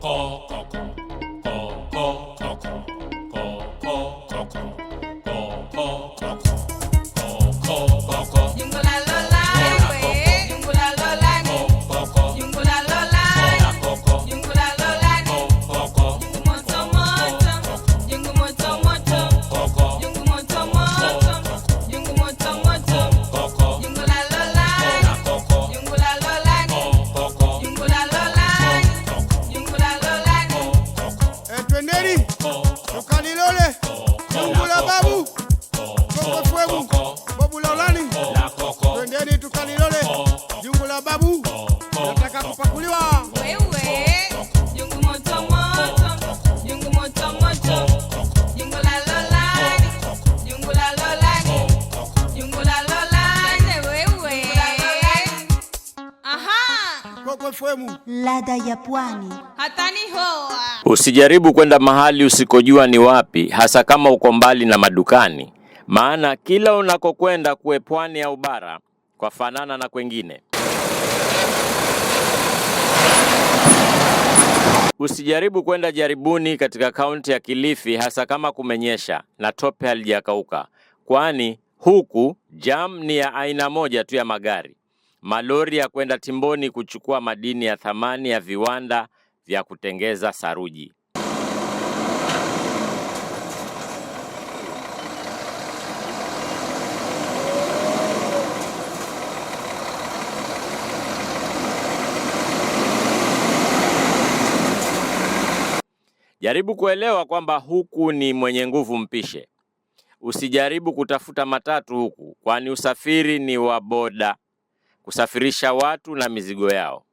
call. Ladha ya pwani. Usijaribu kwenda mahali usikojua ni wapi, hasa kama uko mbali na madukani, maana kila unakokwenda kuwe pwani au bara, kwa fanana na kwengine. Usijaribu kwenda jaribuni katika kaunti ya Kilifi, hasa kama kumenyesha na tope halijakauka, kwani huku jam ni ya aina moja tu ya magari malori ya kwenda Timboni kuchukua madini ya thamani ya viwanda vya kutengeza saruji. Jaribu kuelewa kwamba huku ni mwenye nguvu mpishe. Usijaribu kutafuta matatu huku, kwani usafiri ni wa boda kusafirisha watu na mizigo yao.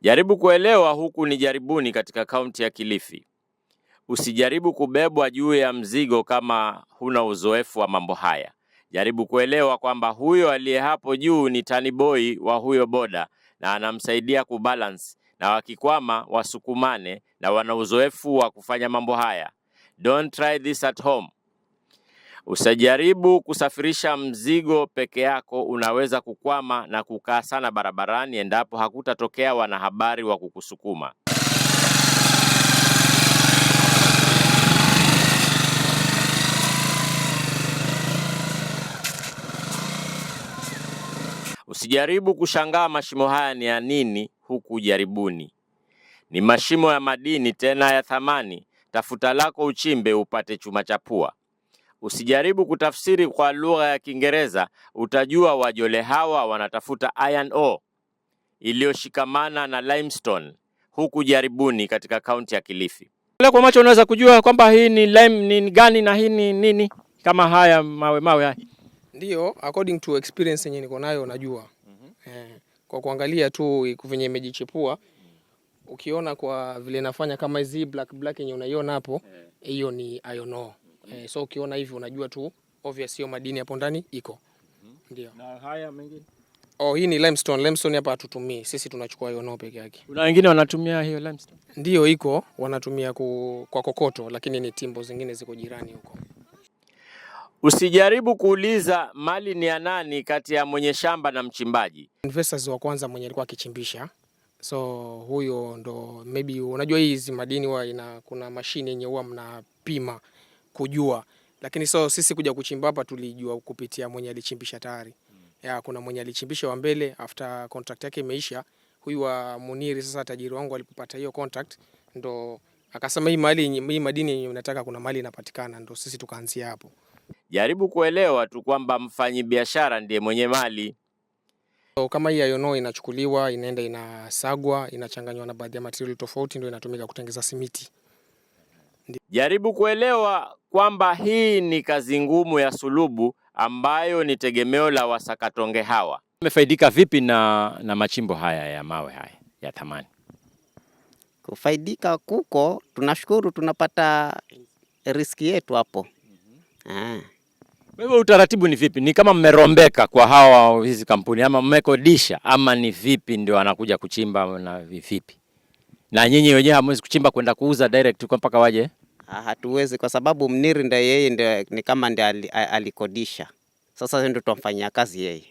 Jaribu kuelewa huku ni jaribuni katika kaunti ya Kilifi. Usijaribu kubebwa juu ya mzigo kama huna uzoefu wa mambo haya. Jaribu kuelewa kwamba huyo aliye hapo juu ni taniboi wa huyo boda na anamsaidia kubalance na wakikwama wasukumane, na wana uzoefu wa kufanya mambo haya. Don't try this at home. Usijaribu kusafirisha mzigo peke yako, unaweza kukwama na kukaa sana barabarani endapo hakutatokea wanahabari wa kukusukuma. Usijaribu kushangaa mashimo haya ni ya nini huku jaribuni. Ni mashimo ya madini tena ya thamani, tafuta lako uchimbe upate chuma cha pua. Usijaribu kutafsiri kwa lugha ya Kiingereza, utajua wajole hawa wanatafuta iron ore iliyoshikamana na limestone huku jaribuni katika kaunti ya Kilifi. Kwa macho unaweza kujua kwamba hii ni lime ni gani na hii ni nini, kama haya mawe mawe haya. Ndio, according to experience yenyewe niko nayo najua. mm -hmm. eh kwa kuangalia tu kwenye imejichipua, Ukiona kwa vile nafanya kama hizi black black yenye unaiona hapo, eh. hiyo ni iron ore. Mm-hmm. Eh, so ukiona hivi unajua tu obvious hiyo madini hapo ndani iko. Mm-hmm. Ndio. Na haya mengine? Oh, hii ni limestone. Limestone hapa hatutumii. Sisi tunachukua iron ore peke yake. Kuna wengine wanatumia hiyo limestone? Ndio iko, wanatumia ku, kwa kokoto lakini ni timbo zingine ziko jirani huko. Usijaribu kuuliza mali ni ya nani kati ya mwenye shamba na mchimbaji. Investors wa kwanza mwenye alikuwa akichimbisha, so huyo ndo maybe, unajua hizi madini huwa ina kuna mashine yenye huwa mnapima kujua, lakini so sisi kuja kuchimba hapa tulijua kupitia mwenye alichimbisha tayari. Ya, kuna mwenye alichimbisha wa mbele after contract yake imeisha, huyu wa Muniri sasa tajiri wangu alipopata hiyo contract ndo akasema hii mali hii madini yenye unataka kuna mali inapatikana, ndo sisi tukaanzia hapo. Jaribu kuelewa tu kwamba biashara ndiye mwenye mali. So, kama hii ayono inachukuliwa inaenda inasagwa inachanganywa na baadhi ya material tofauti ndio inatumika kutengeza simiti. Jaribu kuelewa kwamba hii ni kazi ngumu ya sulubu ambayo ni tegemeo la wasakatonge hawa. Umefaidika vipi na, na machimbo haya ya mawe haya ya thamani? Kufaidika kuko tunashukuru tunapata riski yetu hapo hivyo ah. utaratibu ni vipi? Ni kama mmerombeka kwa hawa hizi kampuni ama mmekodisha ama ni vipi ndio anakuja kuchimba na vipi? Na nyinyi wenyewe hamwezi kuchimba kwenda kuuza direct kwa mpaka waje? Ah, hatuwezi kwa sababu mniri ndiye yeye ndiye ni kama ndiye alikodisha. Sasa ndio tutamfanyia kazi yeye.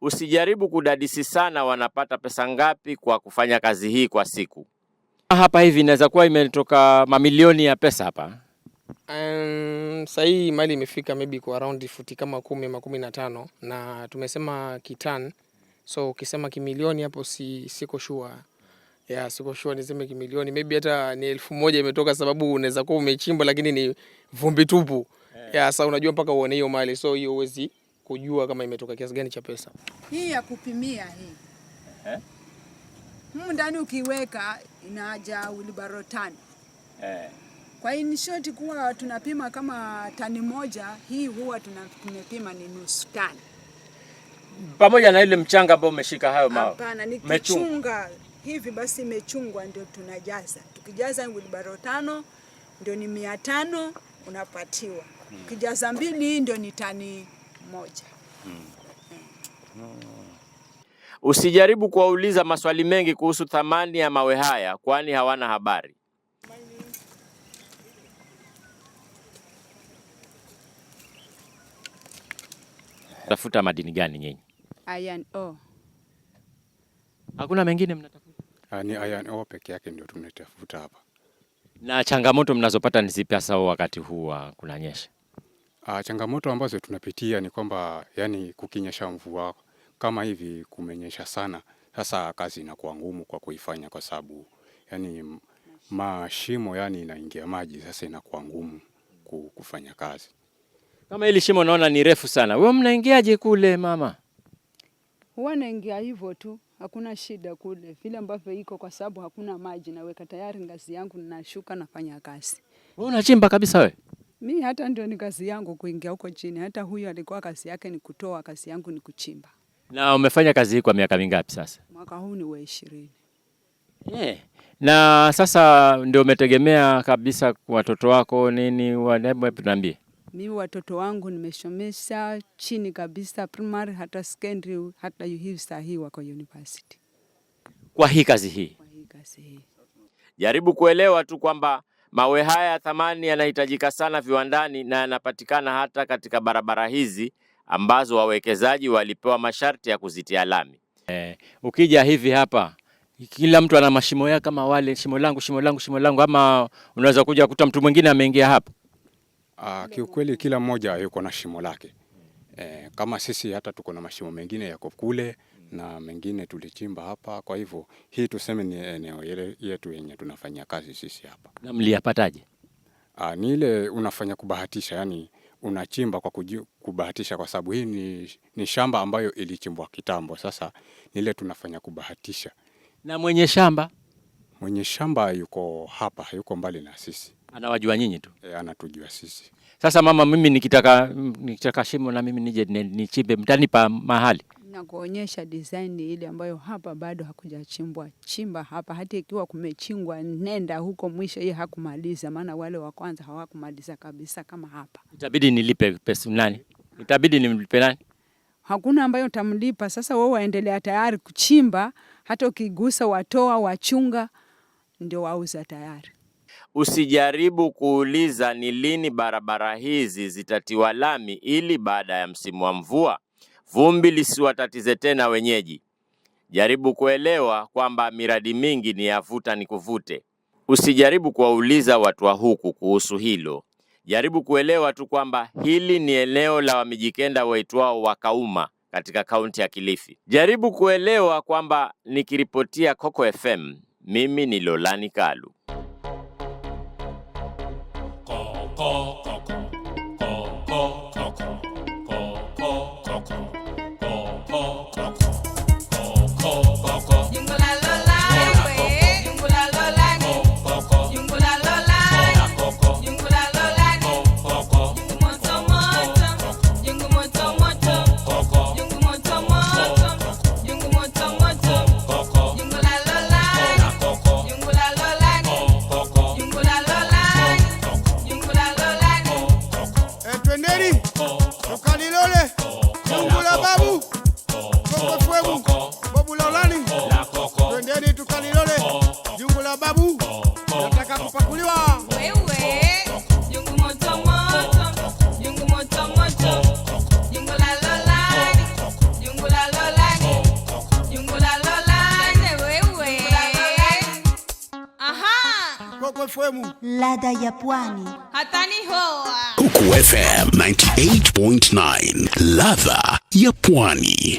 Usijaribu kudadisi sana wanapata pesa ngapi kwa kufanya kazi hii kwa siku. Hapa hivi inaweza kuwa imetoka mamilioni ya pesa hapa. Um, sasa hii mali imefika maybe kwa around futi kama kumi ama kumi na tano na tumesema kitan, so ukisema kimilioni hapo si, siko sure yeah, siko shua niseme kimilioni maybe hata ni elfu moja imetoka, sababu unaweza kuwa umechimba lakini ni vumbi tupu yeah. Yeah, sasa unajua mpaka uone hiyo mali, so hiyo uwezi kujua kama imetoka kiasi gani cha pesa. Hii ya kupimia hii eh? ndani ukiweka inaja wheelbarrow tani eh. Kwa in short kuwa tunapima kama tani moja hii huwa tumepima ni nusu tani, pamoja na ile mchanga ambao umeshika hayo mawe. Hapana, kichunga hivi basi imechungwa ndio tunajaza. Tukijaza wilbaro tano ndio ni mia tano unapatiwa. Ukijaza mbili hii ndio ni tani moja. Hmm. Hmm. Usijaribu kuwauliza maswali mengi kuhusu thamani ya mawe haya kwani hawana habari. Tafuta madini gani nyinyi? Iron ore. Hakuna mengine mnatafuta? Ah, ni iron ore peke yake ndio tunatafuta hapa. Na changamoto mnazopata ni zipi hasa wakati huu wa kunanyesha? Ah, changamoto ambazo tunapitia ni kwamba yani kukinyesha mvua kama hivi kumenyesha sana, sasa kazi inakuwa ngumu kwa kuifanya kwa sababu yani mashimo yani inaingia maji, sasa inakuwa ngumu kufanya kazi. Kama hili shimo naona ni refu sana, wewe mnaingiaje kule mama? Huwa naingia hivyo tu, hakuna shida kule vile ambavyo iko, kwa sababu hakuna maji. Naweka tayari ngazi yangu, ninashuka nafanya kazi. Wewe unachimba kabisa wewe? Mi hata ndio ni kazi yangu kuingia huko chini. Hata huyu alikuwa kazi yake ni kutoa, kazi yangu ni kuchimba. Na umefanya kazi hii kwa miaka mingapi sasa? Mwaka huu ni wa ishirini. Yeah. Na sasa ndio umetegemea kabisa watoto wako nini, tuambie mimi watoto wangu nimeshomesha chini kabisa primary hata secondary, hata hivi saa hii wako university kwa hii kazi hii. Kwa hii kazi hii jaribu kuelewa tu kwamba mawe haya ya thamani yanahitajika sana viwandani na yanapatikana hata katika barabara hizi ambazo wawekezaji walipewa masharti ya kuzitia lami. Eh, ukija hivi hapa kila mtu ana mashimo yake kama wale shimo langu shimo langu shimo langu, ama unaweza kuja kuta mtu mwingine ameingia hapa Ah, kiukweli kila mmoja yuko na shimo lake e, kama sisi hata tuko na mashimo mengine yako kule na mengine tulichimba hapa. Kwa hivyo hii tuseme ni eneo yetu yenye tunafanyia kazi sisi hapa. Na mliyapataje? Ah, ni ile unafanya kubahatisha, yani unachimba kwa kubahatisha kwa sababu hii ni, ni shamba ambayo ilichimbwa kitambo. Sasa ni ile tunafanya kubahatisha. Na mwenye shamba, mwenye shamba yuko hapa, yuko mbali na sisi. Anawajua nyinyi tu e, anatujua sisi. Sasa mama, mimi nikitaka nikitaka shimo na mimi nije nichimbe, mtanipa mahali na kuonyesha design ile ambayo hapa bado hakujachimbwa. Chimba hapa, hata ikiwa kumechingwa, nenda huko mwisho. Hii hakumaliza, maana wale wa kwanza hawakumaliza kabisa kama hapa. Itabidi nilipe pesa nani? Itabidi nimlipe nani? Hakuna ambayo utamlipa. Sasa wewe waendelea tayari kuchimba, hata ukigusa watoa wachunga, ndio wauza tayari. Usijaribu kuuliza ni lini barabara hizi zitatiwa lami ili baada ya msimu wa mvua vumbi lisiwatatize tena wenyeji. Jaribu kuelewa kwamba miradi mingi ni yavuta ni kuvute. Usijaribu kuwauliza watu wa huku kuhusu hilo. Jaribu kuelewa tu kwamba hili ni eneo la Wamijikenda waitwao Wakauma katika kaunti ya Kilifi. Jaribu kuelewa kwamba nikiripotia Coco FM, mimi ni Lolani Kalu. call. sehemu Lada ya pwani Hatani hoa. Coco FM 98.9 Lada ya pwani.